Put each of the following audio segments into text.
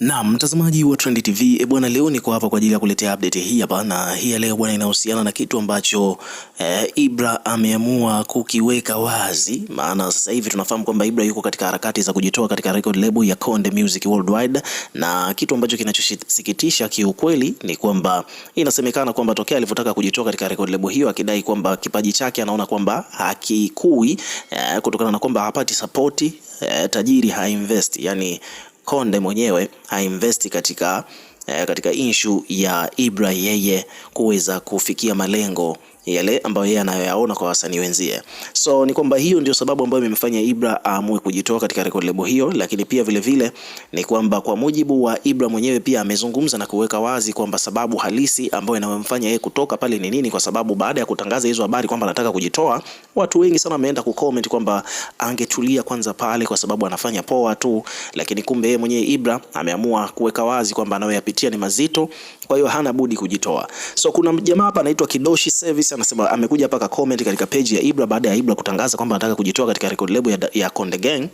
Na mtazamaji wa Trend TV, e eh, bwana, leo niko hapa kwa ajili ya kuletea update hii hapa, na hii leo bwana inahusiana na kitu ambacho e, Ibra ameamua kukiweka wazi, maana sasa hivi tunafahamu kwamba Ibra yuko katika harakati za kujitoa katika record label ya Konde Music Worldwide, na kitu ambacho kinachosikitisha kiukweli ni kwamba inasemekana kwamba tokea alivyotaka kujitoa katika record label hiyo, akidai kwamba kipaji chake anaona kwamba hakikui e, kutokana na kwamba hapati sapoti e, tajiri hainvest yani Konde mwenyewe ainvesti katika, eh, katika inshu ya Ibra yeye kuweza kufikia malengo yale ambayo yeye anayoyaona kwa wasanii wenzie. So ni kwamba hiyo ndio sababu ambayo imemfanya Ibra aamue kujitoa katika record label hiyo, lakini pia vile vile ni kwamba kwa mujibu wa Ibra mwenyewe pia amezungumza na kuweka wazi kwamba sababu halisi ambayo inayomfanya yeye kutoka pale ni nini, kwa sababu baada ya kutangaza hizo habari kwamba anataka kujitoa, watu wengi sana wameenda kucomment kwamba angetulia kwanza pale, kwa sababu anafanya poa tu, lakini kumbe yeye mwenyewe Ibra ameamua kuweka wazi kwamba anayoyapitia ni mazito, kwa hiyo hana budi kujitoa. So kuna jamaa hapa anaitwa Kidoshi Service anasema amekuja hapa ka comment katika page ya Ibra baada ya Ibra kutangaza kwamba anataka kujitoa katika record label ya, ya Konde Gang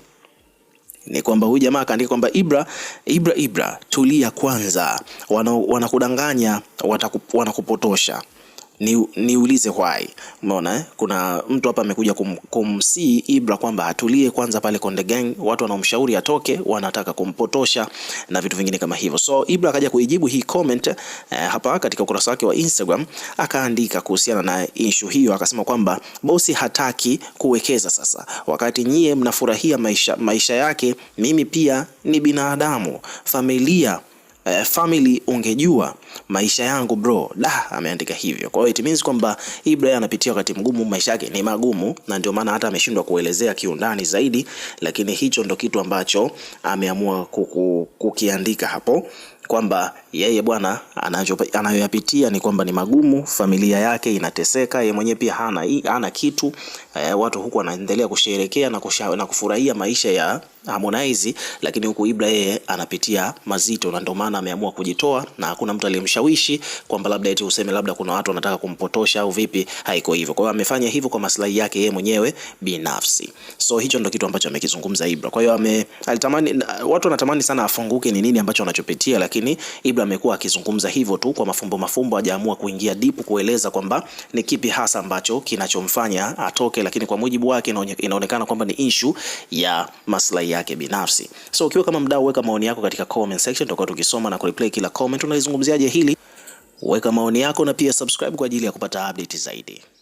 ni kwamba huyu jamaa akaandika kwamba Ibra, Ibra, Ibra tulia kwanza, wanakudanganya, wana wanakupotosha ni, niulize why. Umeona eh? Kuna mtu hapa amekuja kum, kumsii Ibra kwamba atulie kwanza pale Konde Gang, watu wanaomshauri atoke, wanataka kumpotosha na vitu vingine kama hivyo. So Ibra akaja kuijibu hii comment eh, hapa katika ukurasa wake wa Instagram akaandika kuhusiana na issue hiyo, akasema kwamba bosi hataki kuwekeza sasa, wakati nyie mnafurahia maisha, maisha yake. Mimi pia ni binadamu, familia uh, family ungejua maisha yangu bro. da ameandika hivyo. Kwa hiyo it means kwamba ibra anapitia wakati mgumu, maisha yake ni magumu, na ndio maana hata ameshindwa kuelezea kiundani zaidi, lakini hicho ndo kitu ambacho ameamua kuku, kukiandika hapo kwamba yeye bwana anayoyapitia ni kwamba ni magumu, familia yake inateseka, yeye mwenyewe pia hana, hana kitu e, watu huku wanaendelea kusherekea na, na kufurahia maisha ya Harmonize, lakini huku Ibra yeye anapitia mazito, na ndio maana ameamua kujitoa, na hakuna mtu aliyemshawishi kwamba labda eti useme labda kuna watu wanataka kumpotosha au vipi. Haiko hivyo. Kwa hiyo amefanya hivyo kwa maslahi yake yeye mwenyewe binafsi, so hicho ndio kitu ambacho amekizungumza Ibra. Kwa hiyo ame, alitamani, watu wanatamani sana afunguke ni nini ambacho anachopitia lakini Ibra amekuwa akizungumza hivyo tu kwa mafumbo mafumbo, hajaamua kuingia deep kueleza kwamba ni kipi hasa ambacho kinachomfanya atoke, lakini kwa mujibu wake inaonekana kwamba ni issue ya maslahi yake binafsi. So ukiwa kama mdau, weka maoni yako katika comment section, tutakuwa tukisoma na kureplay kila comment. Unaizungumziaje hili? Weka maoni yako na pia subscribe kwa ajili ya kupata update zaidi.